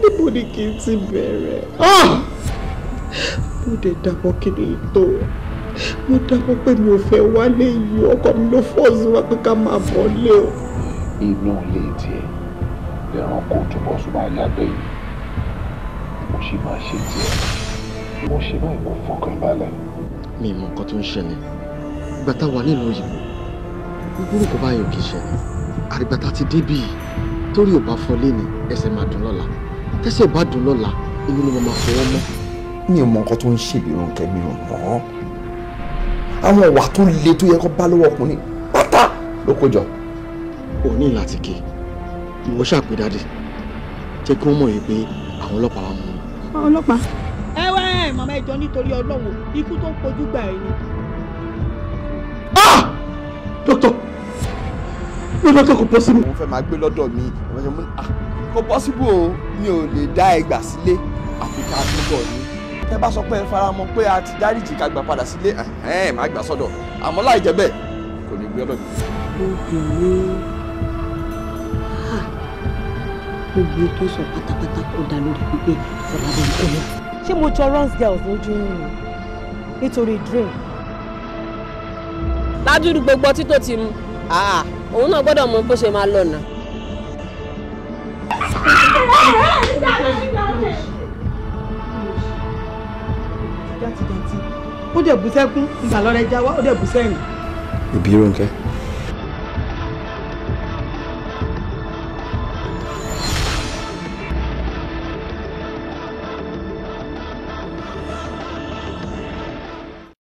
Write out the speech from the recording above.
níbo ni kí n ti bẹ̀rẹ̀ ah! mo dẹ̀ dàbọ̀ kí ni tó mo dàbọ̀ pé mi ò fẹ́ wálé yìí ọkọ mi ló fọ́ọ̀sì wá pé ká máa bọ̀ lé o. inú ilé tiẹ̀ lẹ́ràn kó túbọ̀ súnmọ́ alábẹ́ yìí mo ṣì máa ṣe tiẹ̀ mo ṣe máa kó fọkàn balẹ̀. mi mọ nǹkan tó ń ṣẹlẹ̀ ìgbà tá a wà nílùú òyìnbó gbogbo nǹkan báyọ̀ kì í ṣẹlẹ̀ àrìgbà tá a ti débì torí ò bá fọlé ni ẹsẹ̀ máa dùn lọ́la tẹ́sẹ̀ bá dùn lọ́la èmi ni mo máa fọwọ́ mọ́. mi ò mọ nǹkan tó ń ṣèbìrún kẹ́mi ò mọ́ àwọn ọ̀wà tó le tó yẹ kó bá lọ́wọ́ ọkùnrin pátá ló kó o ò ní láti ké ìwọ ṣàpèdádì jẹ́ kí wọ́n mọ̀ yìí pé àwọn ọlọ́pàá wa mú un. ọlọ́pàá. ẹ wá ẹ màmá ìjọ nítorí ọlọ́wọ́ ikú tó ń kojú gbà ẹ ni. Ah! dókítà dókítà kò pọ́sibú. wọ́n fẹ́ máa gbé lọ́dọ̀ mi ọjọ́ mo ní ah, à kó pọ́síbù o mi ò lè dá ẹgbà sílé àfi ká túbọ̀ ní. ẹ bá sọ pé ẹ fara mọ́ pé a ti dáríjì ká gbà padà sílé ẹ̀hẹ́n má gbà sọ́dọ̀ àmọ́ láì jẹ́ bẹ́ẹ̀ kò ní gbé ọlọ́dún. obìnrin ah, obìnrin tó sọ pátápátá kó dá lórí pípé fọlábí ń kọ́lọ́. ṣé mo jọ runs girls lójú ń rìn nítorí dream. lájú gbogbo títò ti mu ah, òun náà gbọ́dọ̀ mọ bó ṣe máa lọ náà. dọ̀tí dọ̀tí ó dẹ̀ bú sẹ́kún ìgbà lọ́rẹ́ jáwá ó dẹ̀ bú sẹ́yìn. ìbí Rónkẹ́.